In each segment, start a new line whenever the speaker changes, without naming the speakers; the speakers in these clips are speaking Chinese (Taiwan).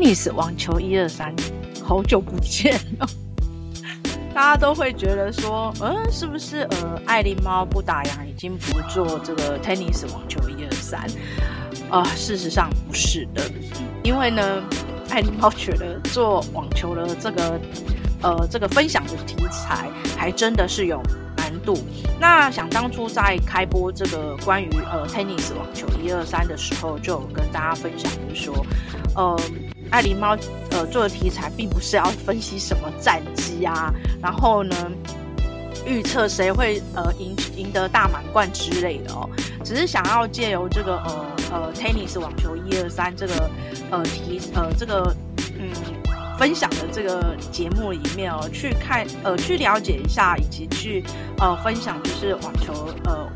tennis 網球一二三，好久不見 大家都會覺得說，嗯、呃，是不是呃，愛麗貓不打烊，已經不做這個 tennis 網球一二三啊？事實上不是的，因為呢，愛麗貓覺得做網球的這個呃這個分享的題材，還真的是有難度。那想當初在開播這個關於呃 tennis 網球一二三的時候，就有跟大家分享說，呃……愛麗貓，呃，做的題材並不是要分析什麼戰績啊，然後呢，預測誰會呃贏贏得大滿貫之類的哦，只是想要借由這個呃呃，Tennis 網球一二三這個呃題呃這個嗯分享的這個節目裡面哦，去看呃去了解一下，以及去呃分享就是網球呃。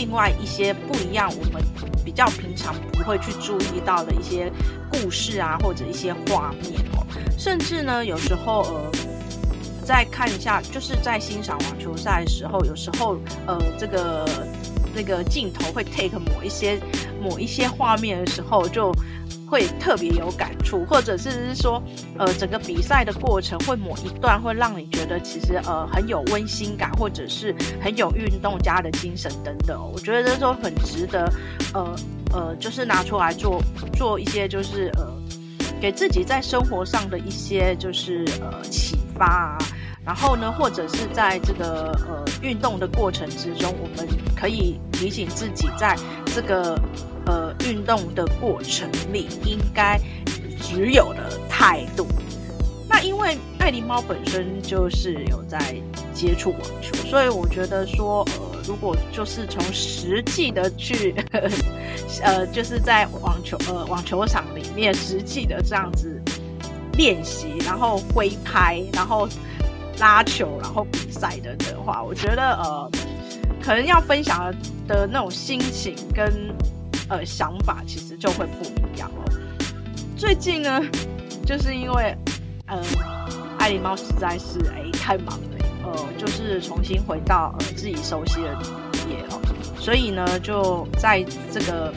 另外一些不一樣，我們比較平常不會去注意到的一些故事啊，或者一些畫面哦，甚至呢，有時候呃，再看一下，就是在欣賞網球賽的時候，有時候呃，這個那個鏡頭會 take 某一些。某一些畫面的時候，就會特別有感觸，或者是說，呃，整個比賽的過程，會某一段會讓你覺得其實呃很有溫馨感，或者是很有運動家的精神等等哦。我覺得這都很值得，呃呃，就是拿出來做做一些，就是呃，給自己在生活上的一些就是呃啟發啊。然後呢，或者是在這個呃運動的過程之中，我們可以提醒自己，在這個呃運動的過程裡應該持有的態度。那因為愛麗貓本身就是有在接觸網球，所以我覺得說，呃，如果就是從實際的去，呵呵呃，就是在網球呃網球場裡面實際的這樣子練習，然後揮拍，然後。拉球，然後比賽的的話，我覺得呃，可能要分享的那種心情跟呃想法，其實就會不一樣哦。最近呢，就是因為嗯、呃，愛狸貓實在是哎太忙了，呃，就是重新回到呃自己熟悉的地界哦，所以呢，就在這個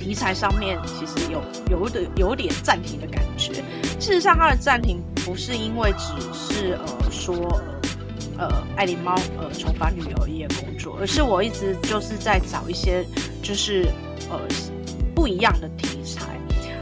題材上面，其實有有，有點有點暫停的感覺。事實上，它的暫停不是因為只是呃說呃，呃愛麗貓呃重返旅遊業工作，而是我一直就是在找一些就是呃不一樣的題材。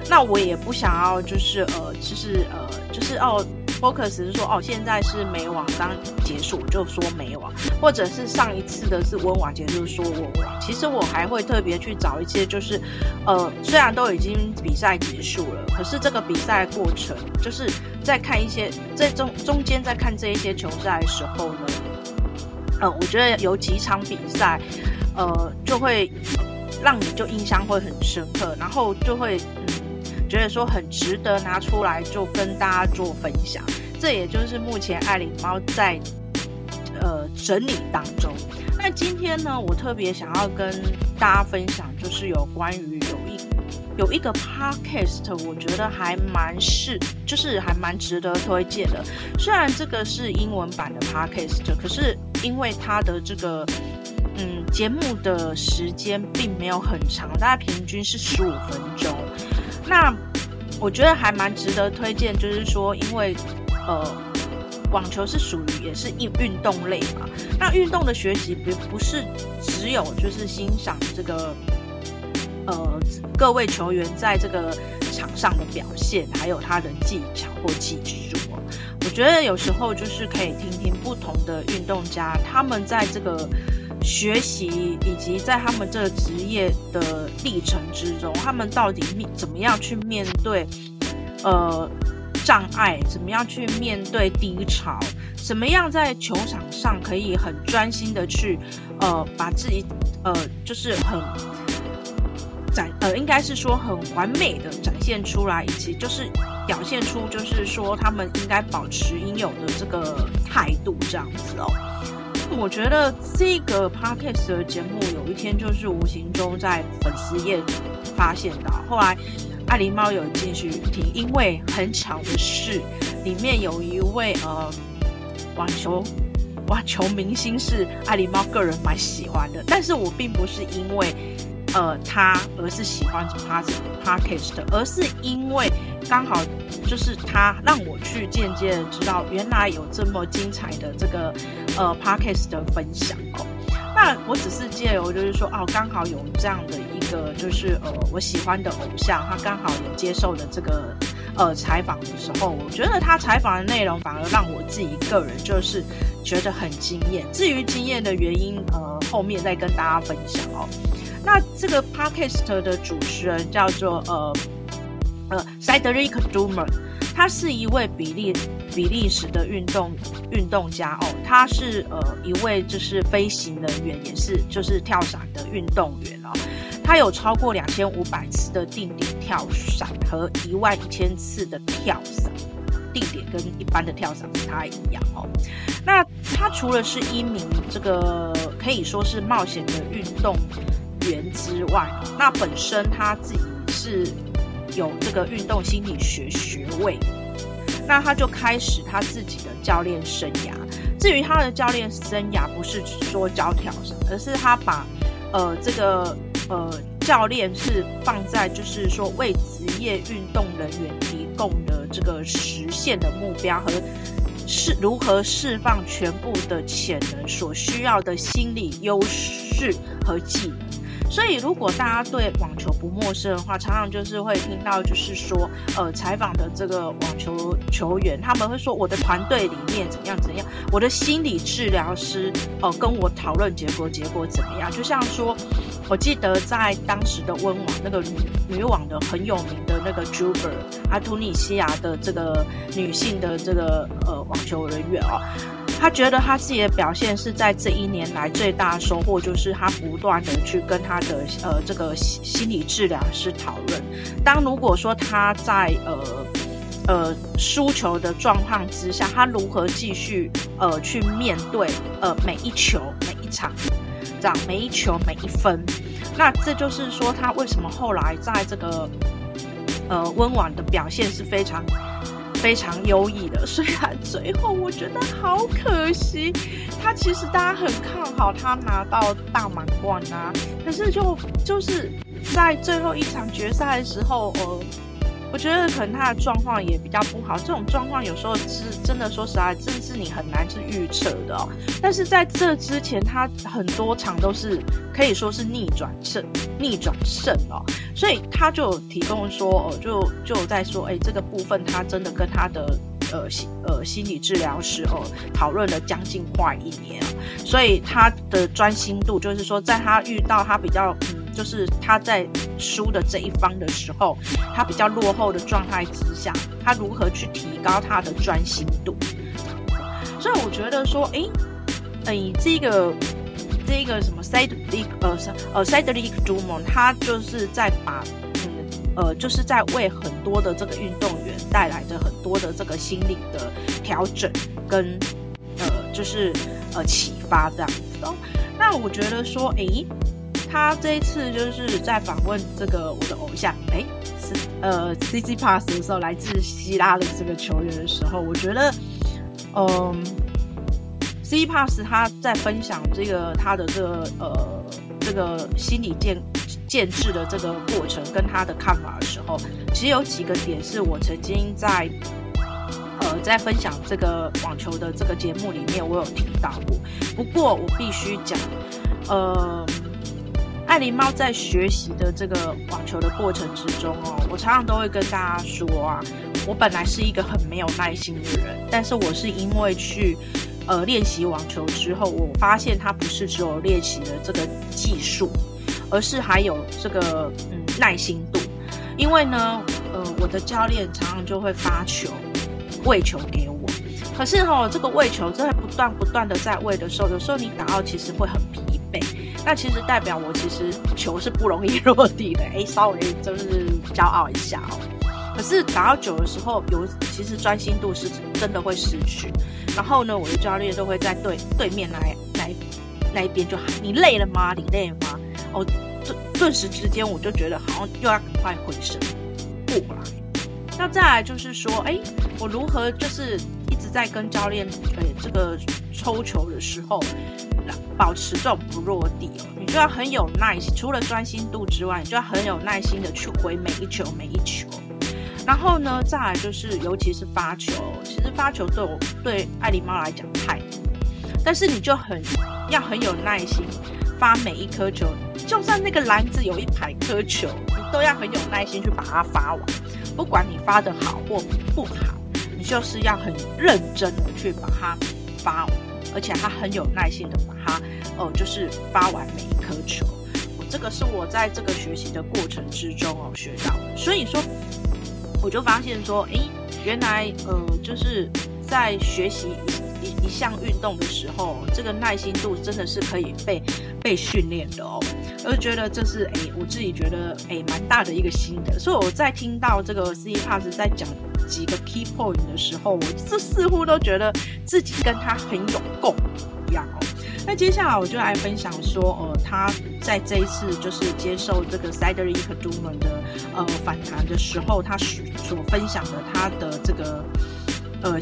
那我也不想要就是呃，就是呃，就是哦。focus 是說哦，現在是美網當結束，我就說美網，或者是上一次的是溫網結束，說我其實我還會特別去找一些，就是呃，雖然都已經比賽結束了，可是這個比賽過程，就是在看一些在中中間在看這一些球賽的時候呢，呃，我覺得有幾場比賽，呃，就會讓你就印象會很深刻，然後就會。嗯覺得說很值得拿出來就跟大家做分享，這也就是目前愛禮貓在呃整理當中。那今天呢，我特別想要跟大家分享，就是有關於有一有一個 podcast，我覺得還蠻是，就是還蠻值得推薦的。雖然這個是英文版的 podcast，可是因為它的這個嗯節目的時間並沒有很長，大概平均是十五分鐘。那我覺得還蠻值得推薦，就是說，因為呃，網球是屬於也是運運動類嘛。那運動的學習不不是只有就是欣賞這個呃各位球員在這個場上的表現，還有他的技巧或技術。我覺得有時候就是可以聽聽不同的運動家，他們在這個。學習以及在他們這個職業的歷程之中，他們到底面怎麼樣去面對呃障礙，怎麼樣去面對低潮，怎麼樣在球場上可以很專心的去呃把自己呃就是很展呃應該是說很完美的展現出來，以及就是表現出就是說他們應該保持應有的這個態度這樣子哦。我覺得這個 podcast 的節目有一天就是無形中在粉絲頁發現的，後來愛狸貓有進去聽，因為很巧的是，裡面有一位呃網球網球明星是愛狸貓個人蠻喜歡的，但是我並不是因為。呃，他而是喜歡 podcast 的。podcast 的，而是因為剛好就是他讓我去間接的知道，原來有這麼精彩的這個呃 podcast 的分享哦。那我只是借由就是說，哦，剛好有這樣的一個就是呃我喜歡的偶像，他剛好也接受了這個呃採訪的時候，我覺得他採訪的內容反而讓我自己個人就是覺得很驚艷。至於驚艷的原因，呃，後面再跟大家分享哦。那這個 podcast 的主持人叫做呃呃 Cedric Dumont，他是一位比利比利時的運動運動家哦，他是呃一位就是飛行人員，也是就是跳傘的運動員哦。他有超過兩千五百次的定點跳傘和一萬一千次的跳傘，定點跟一般的跳傘不太一樣哦。那他除了是一名這個可以說是冒險的運動員。員之外，那本身他自己是有這個運動心理學學位，那他就開始他自己的教練生涯。至於他的教練生涯，不是說教條上，而是他把呃這個呃教練是放在就是說為職業運動人員提供的這個實現的目標和是如何釋放全部的潛能所需要的心理優勢和技能。所以，如果大家對網球不陌生的話，常常就是會聽到，就是說，呃，採訪的這個網球球員，他們會說，我的團隊裡面怎樣怎樣，我的心理治療師，呃跟我討論結果，結果怎麼樣？就像說，我記得在當時的溫網，那個女，女網的很有名的那個 Jabeur 阿突尼西亞的這個女性的這個呃網球人員哦。他覺得他自己的表現是在這一年來最大的收穫，就是他不斷的去跟他的呃這個心理治療師討論。當如果說他在呃呃輸球的狀況之下，他如何繼續呃去面對呃每一球、每一場，這樣每一球、每一分，那這就是說他為什麼後來在這個呃溫網的表現是非常非常優異的，雖然最後，我覺得好可惜，他其實大家很看好他拿到大滿貫啊，可是就就是在最後一場決賽的時候，呃。我覺得可能他的狀況也比較不好，這種狀況有時候是真的，說實在，這是你很難去預測的哦。但是在這之前，他很多場都是可以說是逆轉勝，逆轉勝哦。所以他就有提供說，哦、呃，就就有在說，誒、欸，這個部分他真的跟他的呃心呃心理治療師哦討論了將近快一年，所以他的專心度就是說，在他遇到他比較，嗯、就是他在。輸的這一方的時候，他比較落後的狀態之下，他如何去提高他的專心度？所以我覺得說，誒、欸，誒、欸，這個這個什麼 Cedric，呃，呃 Cedric，呃，Cedric Dumont 他就是在把、嗯，呃，就是在為很多的這個運動員帶來的很多的這個心理的調整跟，呃，就是呃啟發這樣子的。那我覺得說，誒、欸。他這一次就是在訪問這個我的偶像，哎、欸，是呃 Tsitsipas 的時候，來自希臘的這個球員的時候，我覺得，嗯、呃、Tsitsipas 他在分享這個他的這個、呃這個心理建建設的這個過程跟他的看法的時候，其實有幾個點是我曾經在，呃，在分享這個網球的這個節目裡面我有聽到過，不過我必須講，呃。愛琳貓在學習的這個網球的過程之中哦，我常常都會跟大家說啊，我本來是一個很沒有耐心的人，但是我是因為去呃練習網球之後，我發現它不是只有練習的這個技術，而是還有這個嗯耐心度。因為呢，呃，我的教練常常就會發球餵球給我，可是哈、哦，這個餵球真的不斷不斷的在餵的時候，有時候你打到其實會很。那其實代表我其實球是不容易落地的，哎、欸，稍微就是驕傲一下哦。可是打到久的時候，有其實專心度是真的會失去。然後呢，我的教練都會在對對面來來那一邊就喊：“你累了嗎？你累了嗎？”哦，頓頓時之間我就覺得好像又要趕快回神過來、啊。那再來就是說，哎、欸，我如何就是一直在跟教練，呃、欸，這個抽球的時候。啊保持這種不落地哦，你就要很有耐心。除了專心度之外，你就要很有耐心的去回每一球、每一球。然後呢，再來就是，尤其是發球，其實發球對我對愛麗貓來講太難，但是你就很要很有耐心發每一顆球，就算那個籃子有一百顆球，你都要很有耐心去把它發完。不管你發的好或不好，你就是要很認真的去把它發完。而且他很有耐心的把它，哦、呃，就是發完每一顆球。我、哦、這個是我在這個學習的過程之中哦學到的，所以說，我就發現說，誒，原來，呃，就是在學習一一,一,一項運動的時候，這個耐心度真的是可以被被訓練的哦。而覺得這是，誒，我自己覺得，誒，蠻大的一個心得。所以我在聽到這個 Tsitsipas 在講。幾個 key point 的時候，我這似乎都覺得自己跟他很有共同一樣哦。那接下來我就來分享說，呃，他在這一次就是接受這個 Cedric Dumont 的呃訪談的時候，他所分享的他的這個呃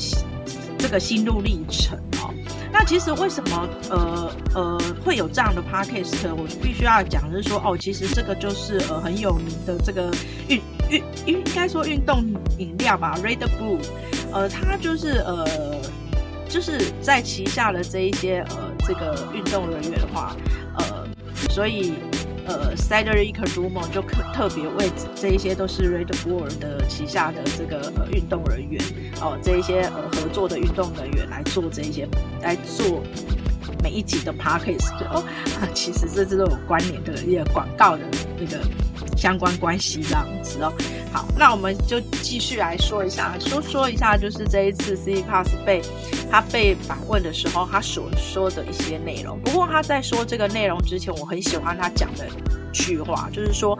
這個心路歷程哦。那其實為什麼呃呃會有這樣的 podcast？我必須要講就是說，哦，其實這個就是呃很有名的這個運。運運應，應該說運動飲料吧，Red Bull，呃，它就是呃，就是在旗下的這一些呃，這個運動人員的話，呃，所以呃 Cedric Dumont 就特特別為這一些都是 Red Bull 的旗下的這個呃運動人員哦、呃，這一些呃合作的運動人員來做這一些來做每一集的 Podcast，e 哦，其實這這種關聯的一個廣告的一、那個。相關關係這樣子哦，好，那我們就繼續來說一下，說說一下就是這一次 Tsitsipas 被他被訪問的時候，他所說的一些內容。不過他在說這個內容之前，我很喜歡他講的一句話，就是說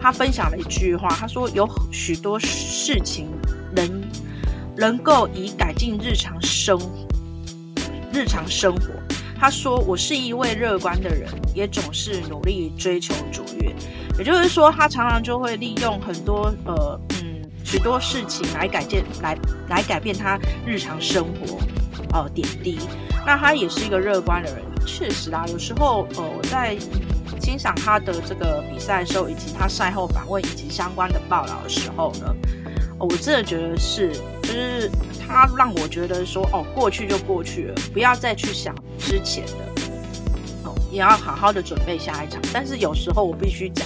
他分享了一句話，他說有許多事情能能夠以改進日常生日常生活。他說：“我是一位樂觀的人，也總是努力追求卓越。也就是說，他常常就會利用很多呃嗯許多事情來改變，來來改變他日常生活哦、呃、點滴。那他也是一個樂觀的人，確實啦。有時候呃我在欣賞他的這個比賽的時候，以及他賽後訪問以及相關的報道的時候呢、呃，我真的覺得是就是。”他讓我覺得說，哦，過去就過去了，不要再去想之前的，哦，也要好好的準備下一場。但是有時候我必須講，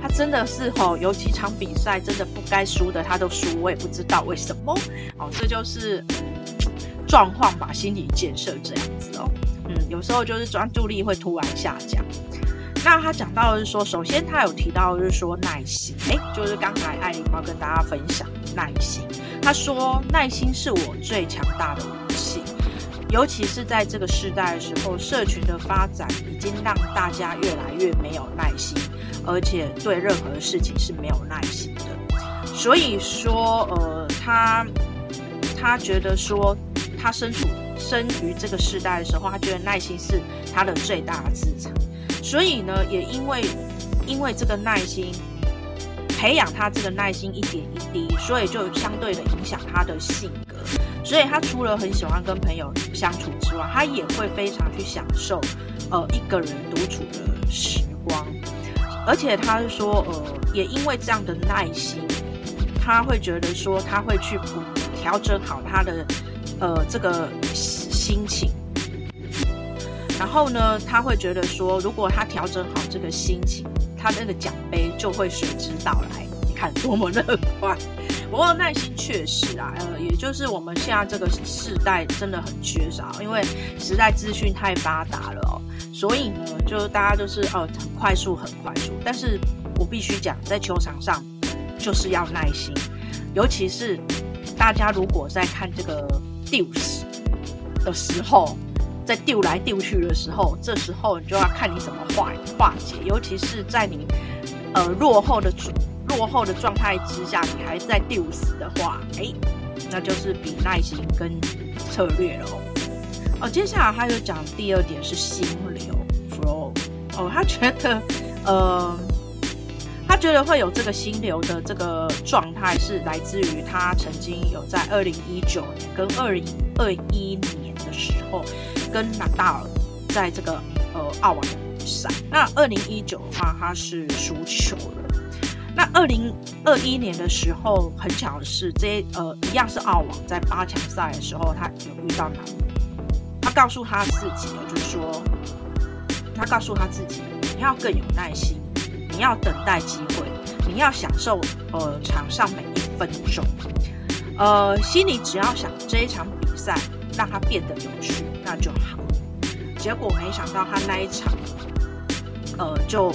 他真的是吼、哦，有幾場比賽真的不該輸的，他都輸，我也不知道為什麼。哦，這就是、嗯、狀況吧，心理建設這樣子哦，嗯，有時候就是專注力會突然下降。那他講到的是說，首先他有提到就是說耐心，誒。就是剛才艾琳要跟大家分享的耐心。他說，耐心是我最強大的武器，尤其是在這個世代的時候，社群的發展已經讓大家越來越沒有耐心，而且對任何事情是沒有耐心的。所以說，呃，他他覺得說，他身處生於這個世代的時候，他覺得耐心是他的最大的資產。所以呢，也因為，因為這個耐心培養他這個耐心一點一滴，所以就相對的影響他的性格。所以他除了很喜歡跟朋友相處之外，他也會非常去享受呃一個人獨處的時光。而且他是說，呃，也因為這樣的耐心，他會覺得說他會去補調整好他的呃這個心情。然後呢，他會覺得說，如果他調整好這個心情，他那個獎盃就會隨之到來。你看多麼樂觀。不過耐心確實啊，呃，也就是我們現在這個時代真的很缺少，因為時代資訊太發達了哦，所以呢，就大家都、就是呃很快速，很快速。但是我必須講，在球場上就是要耐心，尤其是大家如果在看這個第五十的時候。在丟來丟去的時候，這時候你就要看你怎麼化化解。尤其是在你呃落後的落後的狀態之下，你還在丟死的話，誒那就是比耐心跟策略嘍、哦。哦，接下來他就講第二點是心流，flow。哦，他覺得呃，他覺得會有這個心流的這個狀態是來自於他曾經有在二零一九年跟二零二一年的時候。跟納達爾在這個呃澳網的比賽，那二零一九的話，他是輸球了。那二零二一年的時候，很巧的是這，這呃一樣是澳網在八強賽的時候，他有遇到他。他告訴他自己，就是說他告訴他自己，你要更有耐心，你要等待機會，你要享受呃場上每一分手，呃心裡只要想這一場比賽讓他變得有趣。那就好，結果沒想到他那一場，呃，就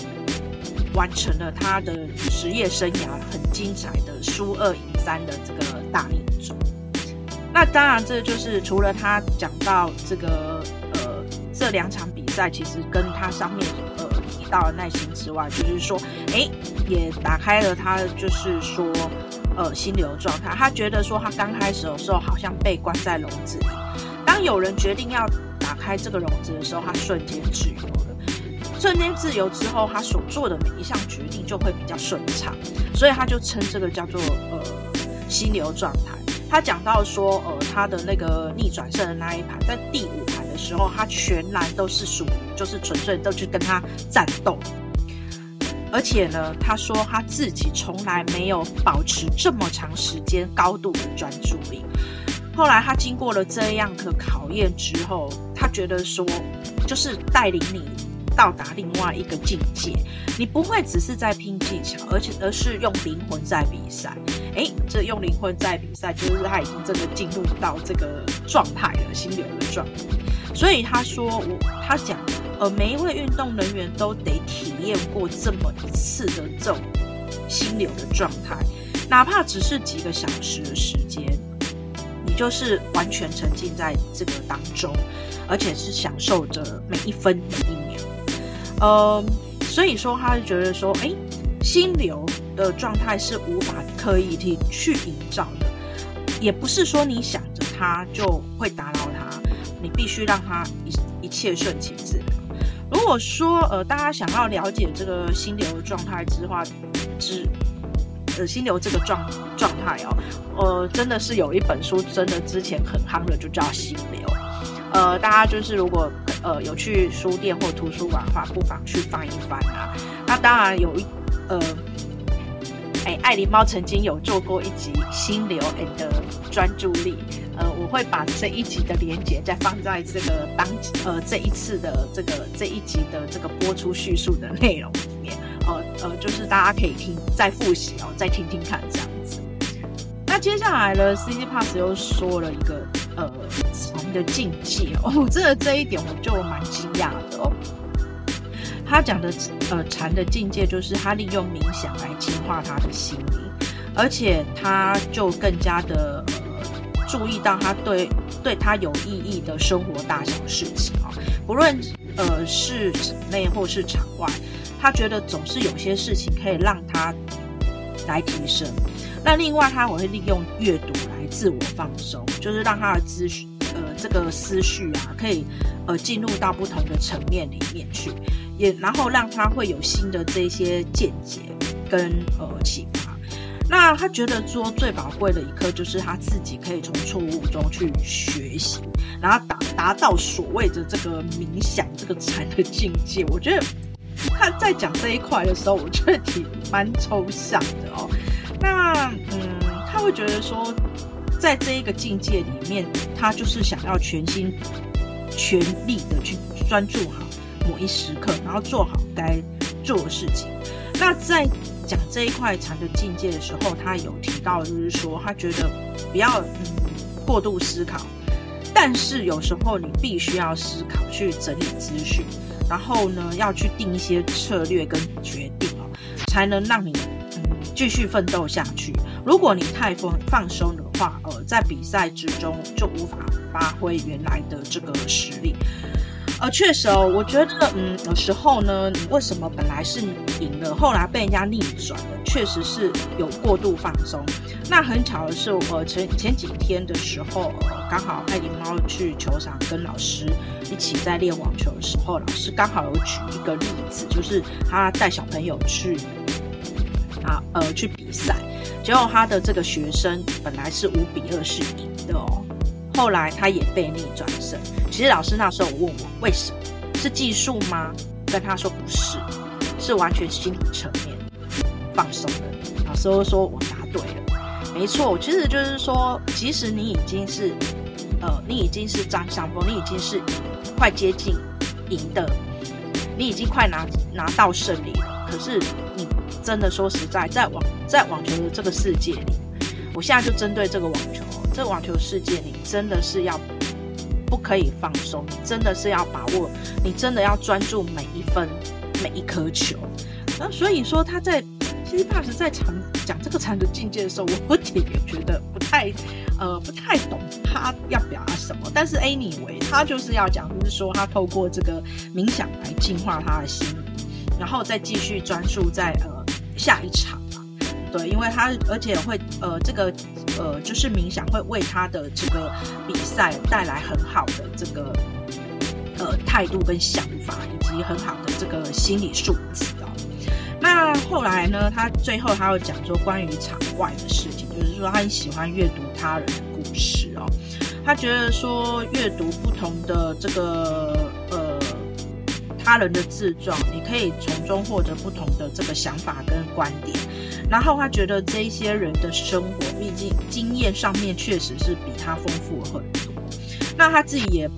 完成了他的職業生涯很精彩的輸二贏三的這個大逆轉。那當然，這就是除了他講到這個呃這兩場比賽，其實跟他上面呃提到的耐心之外，就是說，哎，也打開了他就是說呃心流狀態。他覺得說他剛開始的時候好像被關在籠子裡。當有人決定要打開這個籠子的時候，他瞬間自由了。瞬間自由之後，他所做的每一項決定就會比較順暢，所以他就稱這個叫做“呃，心流狀態”。他講到說：“呃，他的那個逆轉勝的那一盤，在第五盤的時候，他全然都是屬於，就是純粹都去跟他戰鬥。而且呢，他說他自己從來沒有保持這麼長時間高度的專注力。”後來他經過了這樣的考驗之後，他覺得說，就是帶領你到達另外一個境界，你不會只是在拼技巧，而且而是用靈魂在比賽。誒，這用靈魂在比賽，就是他已經真的進入到這個狀態了，心流的狀態。所以他說，我他講，呃，每一位運動人員都得體驗過這麼一次的這種心流的狀態，哪怕只是幾個小時的時間。你就是完全沉浸在這個當中，而且是享受着每一分每一秒。呃、嗯，所以說他就覺得說，誒，心流的狀態是無法刻意去營造的，也不是說你想着它就會打擾它，你必須讓它一一切順其自然。如果說呃，大家想要了解這個心流的狀態之話之。知心流這個狀狀態哦，呃，真的是有一本書，真的之前很夯的，就叫心流。呃，大家就是如果呃有去書店或圖書館的話，不妨去翻一翻啊。那、啊、當然有一，呃，哎，愛狸貓曾經有做過一集《心流》and 專注力。呃，我會把這一集的連接再放在這個當呃這一次的這個這一集的這個播出敘述的內容。呃，就是大家可以聽再複習哦，再聽聽看這樣子。那接下來呢，Tsitsipas 又說了一個呃禪的境界哦，真的這一點我就蠻驚訝的哦。他講的呃禪的境界就是他利用冥想來淨化他的心靈，而且他就更加的注意到他對對他有意義的生活大小事情啊、哦，不論呃是場內或是場外。他覺得總是有些事情可以讓他來提升。那另外，他會利用閱讀來自我放鬆，就是讓他的思緒，呃，這個思緒啊，可以呃進入到不同的層面裡面去，也然後讓他會有新的這些見解跟呃啟發。那他覺得說最寶貴的一刻就是他自己可以從錯誤中去學習，然後達達到所謂的這個冥想這個禪的境界。我覺得。他在講這一塊的時候，我覺得挺蠻抽象的哦。那嗯，他會覺得說，在這一個境界裡面，他就是想要全心全力的去專注好某一時刻，然後做好該做的事情。那在講這一塊禪的境界的時候，他有提到，就是說他覺得不要嗯過度思考，但是有時候你必須要思考去整理資訊。然後呢，要去定一些策略跟決定哦，才能讓你，嗯，繼續奮鬥下去。如果你太放放鬆的話，呃，在比賽之中就無法發揮原來的這個實力。呃，確實哦，我覺得，嗯，有時候呢，你為什麼本來是贏了，後來被人家逆轉了？確實是有過度放鬆。那很巧的是，我前前幾天的時候，呃，剛好愛臉貓去球場跟老師一起在練網球的時候，老師剛好有舉一個例子，就是他帶小朋友去啊、呃，呃，去比賽，結果他的這個學生本來是五比二是贏的哦。後來他也被逆轉勝。其實老師那時候我問我，為什麼是技術嗎？跟他說不是，是完全心理層面放鬆的。老師說，我答對了，沒錯。其實就是說，即使你已經是，呃，你已經是占上風，你已經是快接近贏的，你已經快拿拿到勝利了。可是你真的說實在，在網，在網球的這個世界裡，我現在就針對這個網球。這網球世界你真的是要不，不可以放鬆，你真的是要把握，你真的要專注每一分、每一顆球。那、呃、所以說他在其實大斯在講講這個禪的境界的時候，我自己也覺得不太呃不太懂他要表達什麼。但是 Anyway，他就是要講，就是說他透過這個冥想來淨化他的心，然後再繼續專注在呃下一場。對，因為他而且會呃這個。呃，就是冥想會為他的這個比賽帶來很好的這個呃態度跟想法，以及很好的這個心理素質哦。那後來呢，他最後他又講說關於場外的事情，就是說他很喜歡閱讀他人的故事哦。他覺得說閱讀不同的這個呃他人的自傳，你可以從中獲得不同的這個想法跟觀點。然後他覺得這些人的生活，畢竟經驗上面確實是比他豐富很多。那他自己也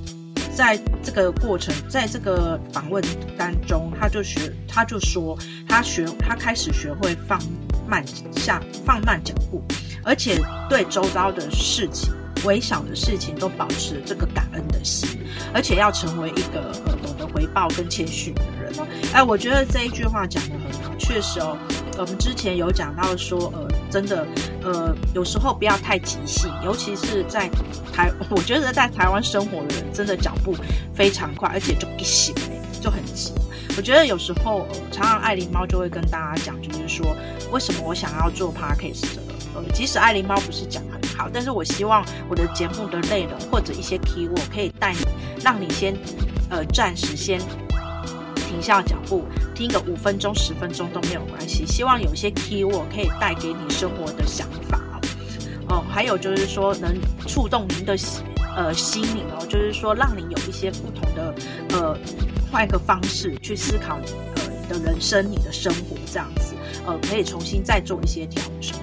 在這個過程，在這個訪問當中，他就學，他就說，他學，他開始學會放慢下放慢腳步，而且對周遭的事情，微小的事情都保持這個感恩的心，而且要成為一個懂得回報跟謙遜的人。哎，我覺得這一句話講得很好，確實哦。呃、我們之前有講到說，呃，真的，呃，有時候不要太急性，尤其是在台，我覺得在台灣生活的人真的腳步非常快，而且就醒就很急。我覺得有時候，呃、常常愛琳貓就會跟大家講，就是說，為什麼我想要做 podcast 是這個？呃，即使愛琳貓不是講很好，但是我希望我的節目的內容或者一些 key word 可以帶你，讓你先，呃，暫時先。停下腳步，聽個五分鐘、十分鐘都沒有關係。希望有一些 key word 可以帶給你生活的想法哦、呃。還有就是說能觸動您的呃心靈哦，就是說讓你有一些不同的呃，換一個方式去思考呃你的人生、你的生活這樣子呃，可以重新再做一些調整。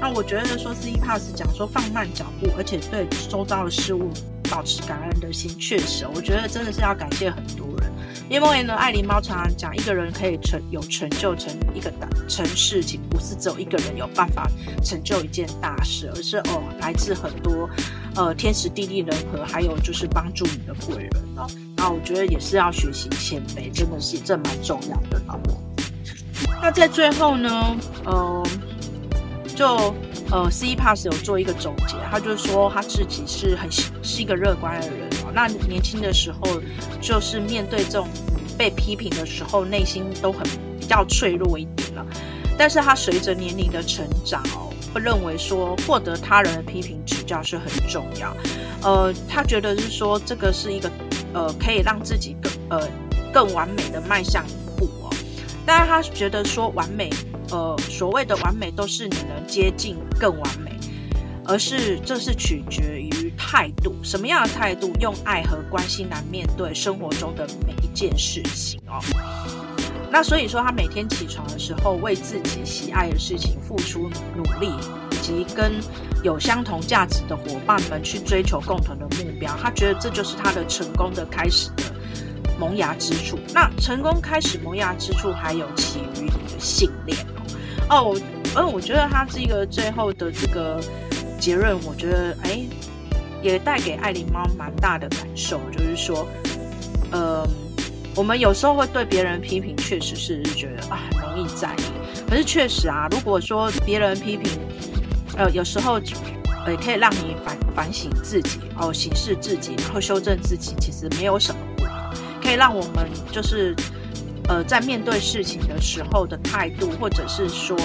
那我覺得說 C Pass 講說放慢腳步，而且對周遭的事物保持感恩的心，確實，我覺得真的是要感謝很多人。因為呢，愛狸貓常常講，一個人可以成有成就成一個大成事情，不是只有一個人有辦法成就一件大事，而是哦來自很多，呃天時地利人和，還有就是幫助你的貴人哦。那我覺得也是要學習謙卑，真的是這蠻重要的。那在最後呢，嗯、呃，就呃 C Pass 有做一個總結，他就是說他自己是很是一個樂觀的人。那年輕的時候，就是面對這種被批評的時候，內心都很比較脆弱一點了啊。但是他隨着年齡的成長哦，會認為說獲得他人的批評指教是很重要。呃，他覺得是說這個是一個呃，可以讓自己更呃更完美的邁向一步哦。但是他覺得說完美，呃，所謂的完美都是你能接近更完美，而是這是取決於。態度，什麼樣的態度？用愛和關心來面對生活中的每一件事情哦。那所以說，他每天起床的時候，為自己喜愛的事情付出努力，以及跟有相同價值的夥伴們去追求共同的目標，他覺得這就是他的成功的開始的萌芽之處。那成功開始萌芽之處，還有起於你的信念哦。哦，而我，嗯，我覺得他這個最後的這個結論，我覺得哎。也帶給愛靈貓蠻大的感受，就是說，嗯、呃，我們有時候會對別人批評，確實是覺得啊很容易在意。可是確實啊，如果說別人批評，呃，有時候呃，可以讓你反反省自己，哦，審視自己，然後修正自己，其實沒有什麼。不可以讓我們就是。呃，在面對事情的時候的態度，或者是說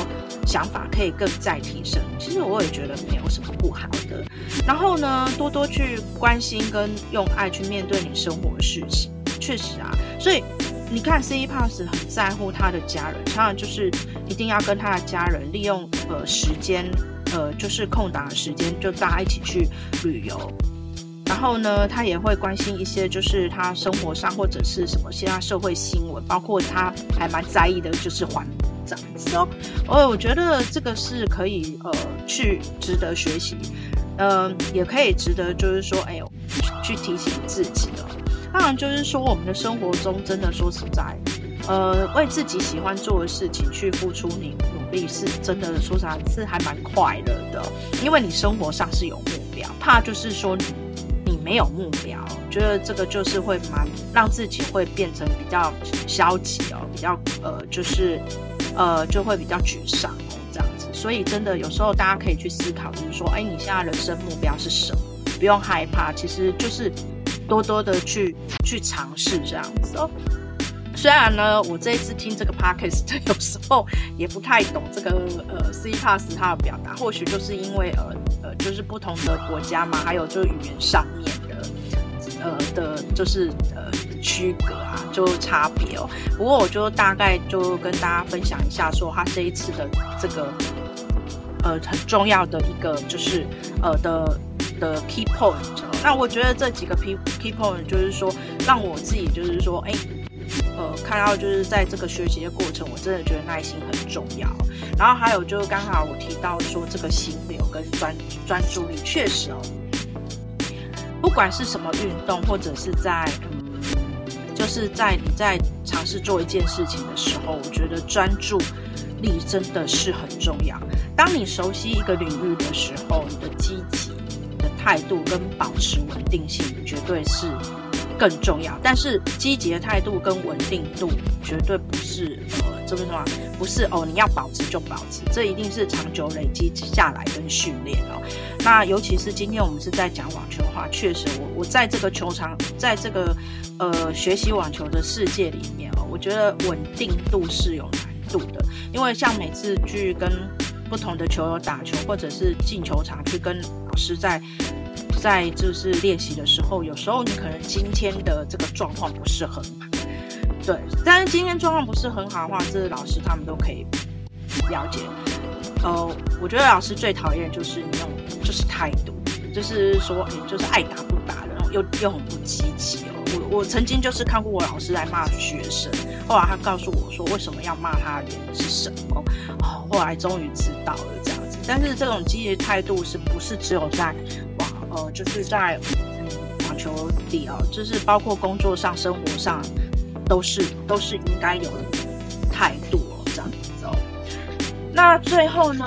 想法，可以更再提升。其實我也覺得沒有什麼不好的。然後呢，多多去關心跟用愛去面對你生活的事情，確實啊。所以你看，Tsitsipas 很在乎他的家人，他就是一定要跟他的家人利用呃時間，呃就是空檔的時間，就大家一起去旅遊。然後呢，他也會關心一些，就是他生活上或者是什麼現在社會新聞，包括他還蠻在意的，就是環保這樣子哦，So, oh, 我覺得這個是可以呃去值得學習，呃，也可以值得就是說，哎呦去，去提醒自己的。當然，就是說我們的生活中，真的說實在，呃，為自己喜歡做的事情去付出你努力，是真的說啥是還蠻快樂的，因為你生活上是有目標，怕就是說你。沒有目標，覺得這個就是會蠻讓自己會變成比較消極哦，比較呃就是呃就會比較沮喪哦，這樣子。所以真的有時候大家可以去思考，就是說，哎，你現在人生目標是什麼？你不用害怕，其實就是多多的去去嘗試這樣子哦。雖然呢，我這一次聽這個 podcast 有時候也不太懂這個呃，Tsitsipas 它的表達或許就是因為呃呃，就是不同的國家嘛，還有就是語言上面的呃的，就是呃區隔啊，就差別哦。不過我就大概就跟大家分享一下，說他這一次的這個呃很重要的一個就是呃的的 key point。那我覺得這幾個 key key point 就是說，讓我自己就是說，哎、欸。呃，看到就是在這個學習的過程，我真的覺得耐心很重要。然後還有就是，剛好我提到說這個心流有跟專專注力，確實哦，不管是什麼運動或者是在，就是在你在嘗試做一件事情的時候，我覺得專注力真的是很重要。當你熟悉一個領域的時候，你的積極你的態度跟保持穩定性絕對是。更重要，但是積極的態度跟穩定度絕對不是，呃、這個的話不是哦，你要保持就保持，這一定是長久累積下來跟訓練哦。那尤其是今天我們是在講網球的話，確實我我在這個球場，在這個呃學習網球的世界裡面哦，我覺得穩定度是有難度的，因為像每次去跟不同的球友打球，或者是進球場去跟老師在。在就是練習的時候，有時候你可能今天的這個狀況不是很對。但是今天狀況不是很好的話，這是老師他們都可以了解。呃，我覺得老師最討厭就是你那種就是態度，就是說你、欸、就是愛打不打的那種，又又很不積極哦。我我曾經就是看過我老師來罵學生，後來他告訴我說為什麼要罵他，原因是什麼？哦，後來終於知道了這樣子。但是這種積極態度是不是只有在？呃，就是在，嗯，網球裡哦，就是包括工作上、生活上，都是都是應該有的態度哦，這樣子哦。那最後呢，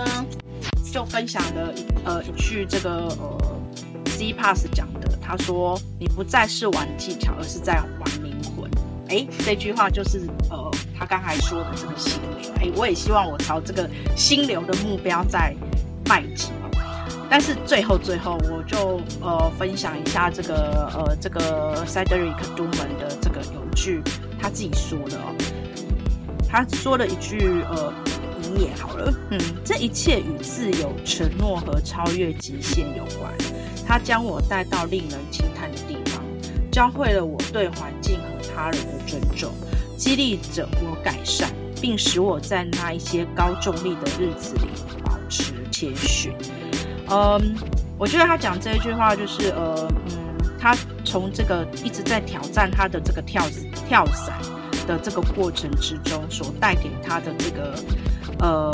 就分享了一呃一句這個呃 Z Pass 講的，他說：“你不再是玩技巧，而是在玩靈魂。”欸，哎，這句話就是呃他剛才說的這個心流。哎，欸，我也希望我朝這個心流的目標在邁進。但是最後最後，我就呃分享一下這個呃這個塞德瑞克·杜蒙的這個有句，他自己說的哦，他說了一句呃你也好了，嗯，這一切與自由、承諾和超越極限有關。他將我帶到令人驚嘆的地方，教會了我對環境和他人的尊重，激勵着我改善，並使我在那一些高重力的日子裡保持謙遜。嗯，um, 我覺得他講這一句話就是，呃，嗯，他從這個一直在挑戰他的這個跳跳傘的這個過程之中，所帶給他的這個呃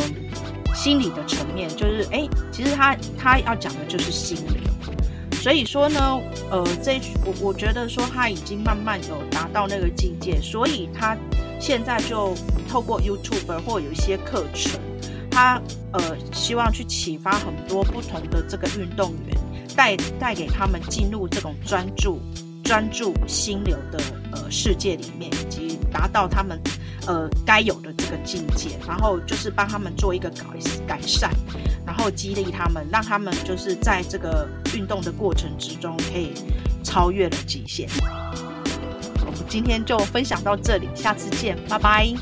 心理的層面，就是，誒，其實他他要講的就是心理，所以說呢，呃，這句我我覺得說他已經慢慢有達到那個境界，所以他現在就透過 YouTuber 或有一些課程。他呃，希望去啟發很多不同的這個運動員，帶帶給他們進入這種專注專注心流的呃世界裡面，以及達到他們呃該有的這個境界，然後就是幫他們做一個改改善，然後激勵他們，讓他們就是在這個運動的過程之中可以超越了極限。我們今天就分享到這裡，下次見，拜拜。